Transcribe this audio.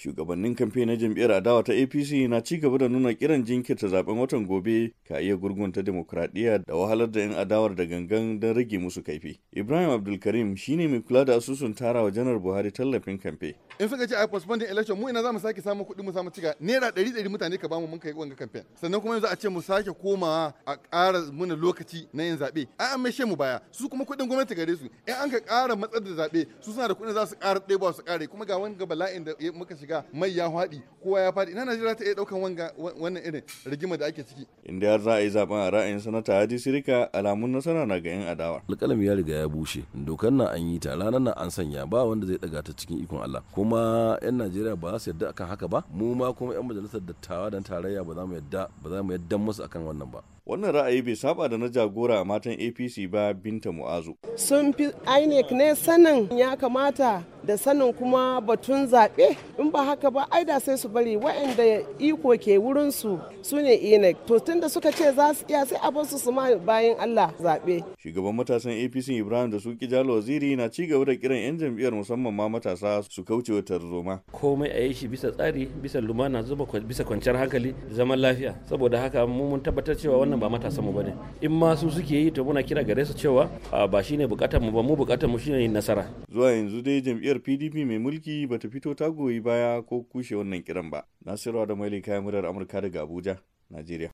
shugabannin kamfe na jam'iyyar adawa ta apc na ci gaba da nuna kiran jinkirta zaben watan gobe ka iya gurgunta demokradiyya da wahalar da 'yan adawar da gangan don rage musu kaifi ibrahim abdulkarim shine mai kula da asusun tara wa janar buhari tallafin kamfe in suka ce a postpone election mu ina za mu sake samun kuɗi mu samu ciga naira ɗari ɗari mutane ka bamu mun kai wanga kamfe sannan kuma yanzu a ce mu sake komawa a ƙara mana lokaci na yin zaɓe ai an mai mu baya su kuma kuɗin gwamnati gare su in an ka ƙara matsar da zaɓe su suna da kuɗin za su ƙara ɗebawa su ƙare kuma ga wani bala'in da muka shiga shiga mai ya faɗi kowa ya faɗi ina najeriya ta iya ɗaukan wannan irin rigima da ake ciki inda har za a yi zaben a ra'ayin sanata hadi sirika alamun nasara na ga yan adawa alƙalami ya riga ya bushe dokar na an yi ta ranar na an sanya ba wanda zai ɗaga ta cikin ikon allah kuma yan najeriya ba za su yarda akan haka ba mu ma kuma yan majalisar dattawa da tarayya ba za mu yarda ba za mu yarda musu akan wannan ba wannan ra'ayi bai saba da na jagora a matan apc ba binta mu'azu sun fi inec ne sanin ya kamata da sanin kuma batun zaɓe in ba haka ba ai da sai su bari waɗanda iko ke wurinsu su ne inec to tunda suka ce za su iya sai a basu su ma bayan allah zaɓe shugaban matasan apc ibrahim da su jalo waziri na ci gaba da kiran yan jam'iyyar musamman ma matasa su kauce wa tarzoma komai a yi shi bisa tsari bisa lumana zuba bisa kwanciyar hankali zaman lafiya saboda haka mu mun tabbatar cewa wannan ba matasan mu bane in ma su suke yi to muna kira gare su cewa ba shine bukatar mu ba mu bukatar mu shine nasara zuwa yanzu dai jam'iyyar jam'iyyar PDP mai mulki bata fito ta goyi baya ko kushe wannan kiran ba. Nasiru da Maili kayan murar Amurka daga Abuja, Najeriya.